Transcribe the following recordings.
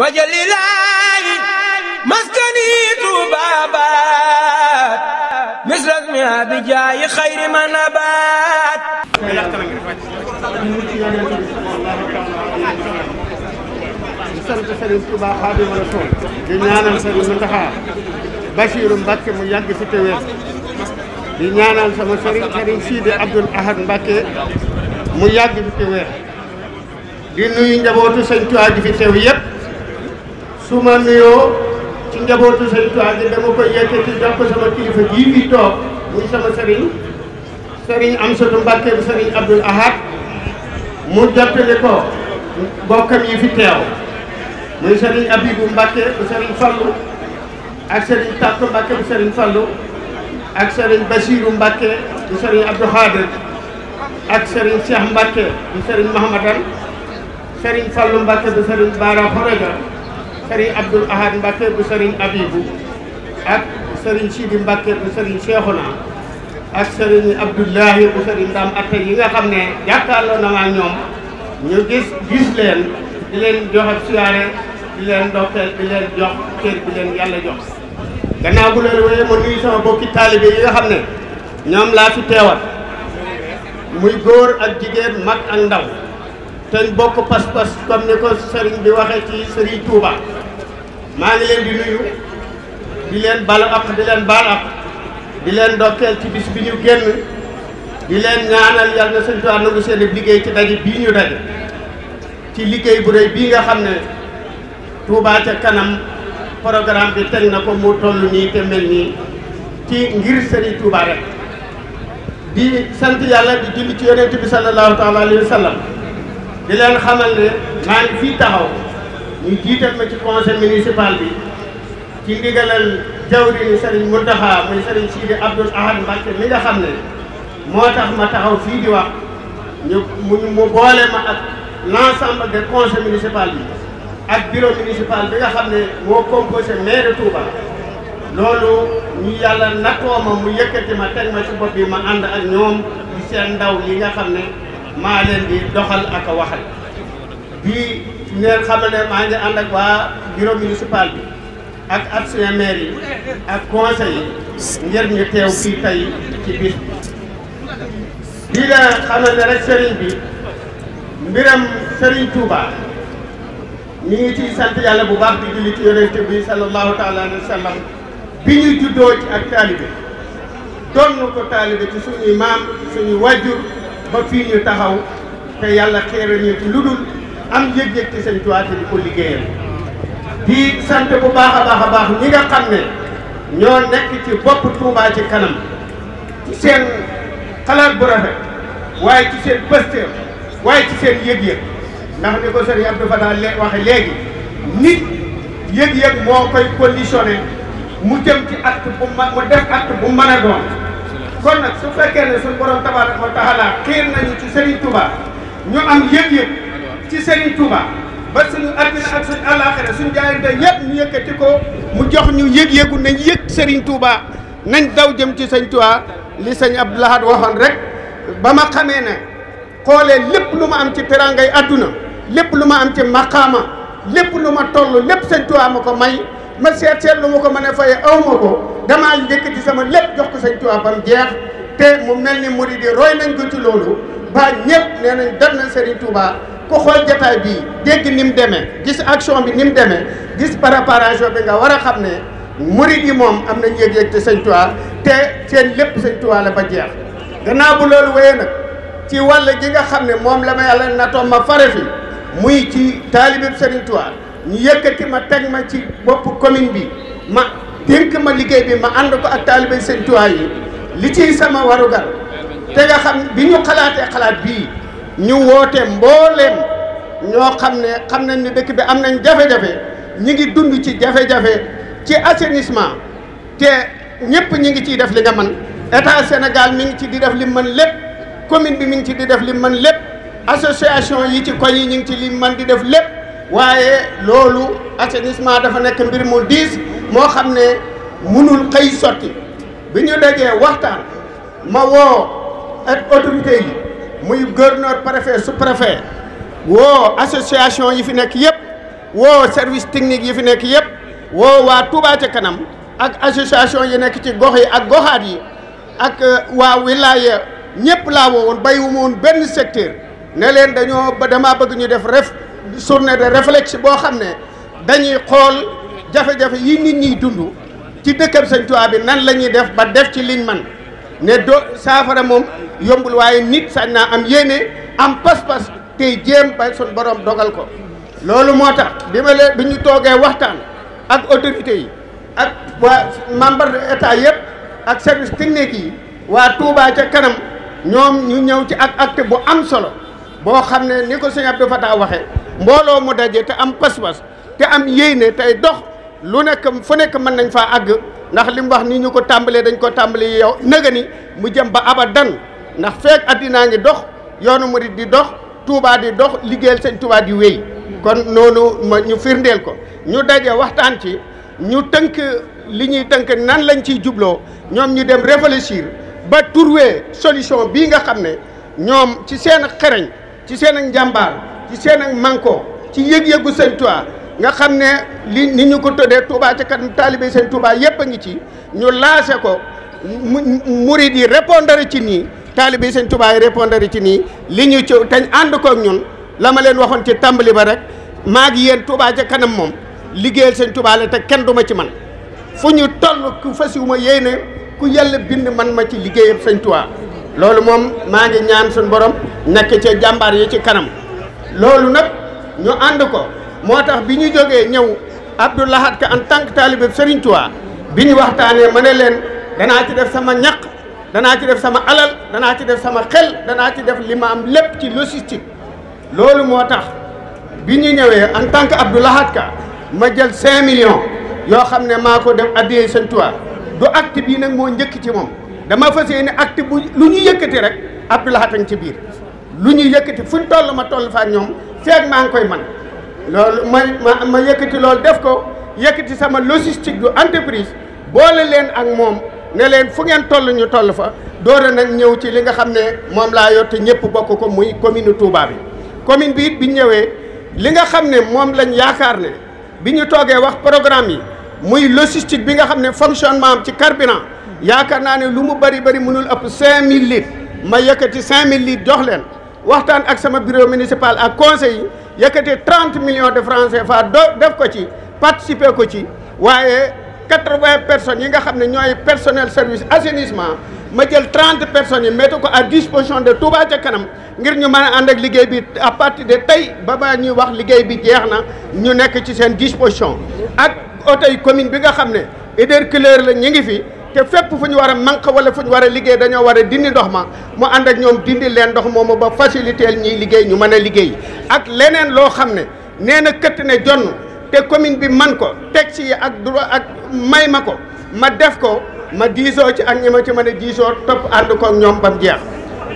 wajalilaayi maskani tuubaabaat misras mi abijaayi xayri ma nabaat di ñaanal njabootu Sëriñ Tuubaa gi fi teew yépp su ma nuyoo ci njabootu sëñ Tuubaa gi dama koy yëkkati jox ko sama kilifa jii fi toog muy sama sëriñ sëriñ Amsatu Mbàkke bu sëriñ Abdul Ahad mu jottali ko bokkam yi fi teew muy sëriñ Abibu Mbàkke bu sëriñ Fallu ak sëriñ Tàkku Mbàkke bu sëriñ Fallu ak sëriñ Basiiru Mbàkke bu sëriñ Abdou Xaadir ak sëriñ Cheikh Mbàkke bu sëriñ Mahamadan sëriñ Fallu Mbàkke bu sëriñ Baara Xoroja sëriñ Abdoul Ahad Mbacke bu sëriñ Abibou ak sëriñ Sidi Mbacke bu sëriñ Cheikhouna ak sëriñ Abdoulahi bu sëriñ Ndam Atta yi nga xam ne jàkkaarloo na ma ñoom ñu gis gis leen di leen joxe siyaare di leen ndokkeel jox cër bi leen jox. gannaaw bu loolu wéyee ma nuyu sama taalibe yi nga xam ne ñoom laa fi teewal muy góor ak jigéen mag ak ndaw. te bokk pas-pas comme ni ko sëriñ bi waxee ci sëriñ Touba maa ngi leen di nuyu di leen balu ak di leen baal ak di leen ndokkeel ci bis bi ñu génn di leen ñaanal yàlla na sëñ Tuubaa nangu seen liggéey ci daje bii ñu daje ci liggéey bu rëy bii nga xam ne Touba kanam programme bi teg na ko mu toll nii te ci ngir sëriñ Touba rek di sant yàlla di julli ci yonent bi sallallahu taala alayhi wa di leen xamal ne maa fii taxaw ñu jiital ma ci conseil municipal bi ci ndigalal jawri ni Serigne Mountakha muy Serigne Sidi Abdoul Ahad Mbacké mi nga xam ne moo tax ma taxaw fii di wax ñu mu mu boole ma ak l'ensemble des conseils municipal bi ak bureau municipal bi nga xam ne moo composé maire Touba loolu ñu yàlla nattoo ma mu yëkkati ma teg ma ci bopp bi ma ànd ak ñoom ci seen ndaw yi nga xam ne maa leen di doxal ak waxal bii ñu leen xamal ne maa ngi ànd ak waa bureau municipal bi ak adjoint maire ak conseil yi ngir teew fii ci biir di la xamal ne sëriñ bi mbiram sëriñ Touba ñu ngi ciy sant yàlla bu baax di julli ci bi sallallahu taala alayhi wa sallam bi ñu juddoo ci ak taalibe doon ko taalibe ci suñuy maam suñuy wàjjur ba fii ñu taxaw te yàlla xeere ñu ludul am yëg-yëg ci sëñ Tuubaa te di ko liggéeyal di sant bu baax a baax a baax ñi nga xam ñoo nekk ci bopp Touba ci kanam ci seen xalaat bu rafet waaye ci seen pëstéer waaye ci seen yëg-yëg ni ko sëriñ Abdou Fatah waxe léegi nit yëg-yëg moo koy conditionné mu jëm ci acte bu mu def acte bu mën kon nag su fekkee ne suñu borom tabaaraka wa taala nañu ci sëriñ Touba ñu am yëg-yëg ci Serigne Touba ba suñu àddina ak suñu àllaaxira suñu jaayante yëpp ñu yëkkati ko mu jox ñu yég yëgu nañ yëg Serigne Touba nañ daw jëm ci Serigne Touba li sëñ Abdou Lahad waxoon rek ba ma xamee ne xoolee lépp lu ma am ci terangay àdduna lépp lu ma am ci maqaama lépp lu ma toll lépp Serigne Touba ma ko may ma seet seet lu ma ko mën a faye aw ma ko damaa yëkkati sama lépp jox ko Serigne Touba ba mu jeex te mu mel ni murid yi roy nañ ko ci loolu ba ñëpp nee nañ def na Serigne Touba. ku xool jataay bii dégg ni deme demee gis action bi ni mu demee gis préparation bi nga war a xam ne murid yi moom am nañ yëg-yëg te sëñ Tuubaa te seen lépp sëñ Tuubaa la ba jeex gannaaw bu loolu wéyee nag ci wàll gi nga xam ne moom la ma yàlla nattoon ma fare fi muy ci taalibeb sëriñ Tuubaa ñu yëkkati ma teg ma ci bopp commune bi ma dénk ma liggéey bi ma ànd ko ak taalibeb sëriñ Tuubaa yi li ciy sama warugar te nga xam bi ñu xalaatee xalaat bii ñu woote mbooleem ñoo xam ne xam nañ ne dëkk bi am nañ jafe-jafe ñi ngi dund ci jafe-jafe ci assainissement te ñëpp ñi ngi ciy def li nga mën état Sénégal mi ngi ci di def li mën lépp commune bi mi ngi ci di def li mën lépp association yi ci koy yi ñu ngi ci li mën di def lépp waaye loolu assainissement dafa nekk mbir mu diis moo xam ne mënul xëy sotti bi ñu dajee waxtaan ma woo ak autorité yi muy gouverneur préfet sous préfet woo association yi fi nekk yëpp woo service technique yi fi nekk yëpp woo waa Touba ca kanam ak association yi nekk ci gox yi ak goxaat yi ak euh, waa wilaya ñëpp laa woo woon bàyyiwuma woon benn secteur ne leen dañoo ba damaa bëgg ñu def ref journée de réflexe boo xam ne dañuy xool jafe-jafe yi nit ñiy dund ci dëkkam Sëñ Tuubaa bi nan la ñuy def ba def ci liñ man ne do saafara moom yombul waaye nit sañ naa am yéene am pas-pas tey jéem ba sun borom dogal ko loolu moo tax bi ma leen bi ñu toogee waxtaan ak autorités yi ak waa membre de état yëpp ak service technique yi waa Touba ca kanam ñoom ñu ñëw ci ak acte bu am solo boo xam ne ni ko sëñ Abdou Fatah waxee mbooloo mu daje te am pas-pas te am yéene tey dox lu nekk fu nekk mën nañ faa àgg ndax li mu wax ni ñu ko tàmbalee dañ ko tàmbalee yow nëga mu jëm ba abadan ndax feek addinaa ngi dox yoonu murit di dox Touba di dox liggéeyal sëñ Touba di wéy kon noonu ma ñu firndeel ko ñu daje waxtaan ci ñu tënk li ñuy tënk nan lañ ciy jubloo ñoom ñu dem réfléchir ba trouver solution bii nga xam ne ñoom ci seen xereñ ci seen ak njàmbaar ci seen ak manko ci yëg-yëgu sëñ Touba nga xam ne li ni ñu ko tëddee Touba ca kanam taalibe seen Touba yëpp a ngi ci ñu laase ko mu murid yi répondre ci nii taalibe seen Touba yi répondre ci nii li ñu ci tañ ànd kook ñun la ma leen waxoon ci tàmbali ba rek maa ngi yéen Touba ca kanam moom liggéeyal seen Touba te kenn duma ci man fu ñu toll ku fasiwuma yéene ku yàlla bind man ma ci liggéeyam sëñ Touba loolu moom maa ngi ñaan suñu borom nekk ca jàmbaar yi ci kanam loolu nag ñu ànd ko moo tax bi ñu jógee ñëw Abdou Lahad Ka en tant que taalibe Serigne bi ñu waxtaanee ma ne leen danaa ci def sama ñaq danaa ci def sama alal danaa ci def sama xel danaa ci def li ma am lépp ci logistique loolu moo tax bi ñu ñëwee en tant que Abdou Lahad Ka ma jël 5 millions yoo xam ne maa ko def addiyee Serigne Touba du acte bii nag moo njëkk ci moom dama fas yéene acte bu lu ñu yëkkati rek Abdou Lahad ci biir lu ñu yëkkati fu ñu toll ma toll fa ñoom seet maa ngi koy man loolu ma ma ma yëkkati loolu def ko yëkkati sama logistique du entreprise boole leen ak moom ne leen fu ngeen toll ñu toll fa doore nañ ñëw ci li nga xam ne moom laa yor te ñëpp bokk ko muy commune Touba bi. commune bi it ñëwee li nga xam ne moom lañ yaakaar ne bi ñu toogee wax programme yi muy logistique bi nga xam ne fonctionnement am ci carburant yaakaar naa ne lu mu bari bari mënul ëpp 5000 litres ma yëkkati 5000 litres jox leen waxtaan ak sama bureau municipal ak conseil yi. yëkkati trente million de francs CFA do def ko ci participer ko ci waaye 80 personnes yi nga xam ne ñooy personnel service assainissement ma jël 30 personnes yi mettre ko à disposition de Touba ca kanam ngir ñu mën a ànd ak liggéey bi à partir de tey ba ba ñuy wax liggéey bi jeex na ñu nekk ci seen disposition ak oto commune bi nga xam ne Eder Couleur la ñu ngi fi. te fépp fu ñu war a manque wala fu ñu war liggéey dañoo war a dindi ndox ma mu ànd ak ñoom dindi leen ndox moomu ba faciliter ñiy liggéey ñu mën a liggéey ak leneen loo xam ne nee na këtt ne jonn te commune bi man ko teg si ak droit ak may ma ko ma def ko ma diisoo ci ak ñi ma ci mën a diisoo topp ànd ko ñoom ba mu jeex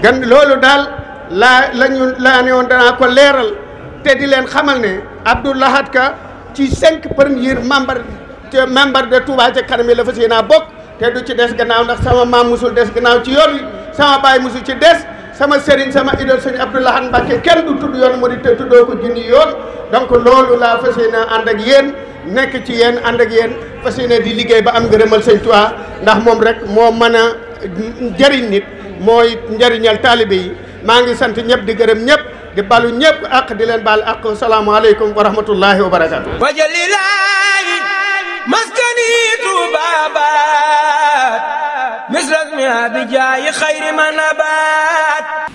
gan loolu daal laa la ñu laa ne woon danaa ko leeral te di leen xamal ne Abdou Lahad Ka ci cinq premiers membres te membre de Touba ca kanam yi la fas yéenaa bokk te du ci des gannaaw ndax sama maam musul des gannaaw ci yoon wi sama baay musul ci des sama sëriñ sama idole sëñ Abdoulahan Mbacke kenn du tudd yoon murid te tuddoo ko junni yoon donc loolu laa fas yéene ànd ak yéen nekk ci yéen ànd ak yéen fas yéene di liggéey ba am ngërëmal sëñ Tuubaa ndax moom rek moo mën a njëriñ nit mooy njëriñal taalibe yi maa ngi sant ñëpp di gërëm ñëpp di balu ñëpp ak di leen baal ak salaamualeykum wa rahmatullahi wa barakaatu. maskani Tuuba baat misras mi abi jaayi xayri ma nabaat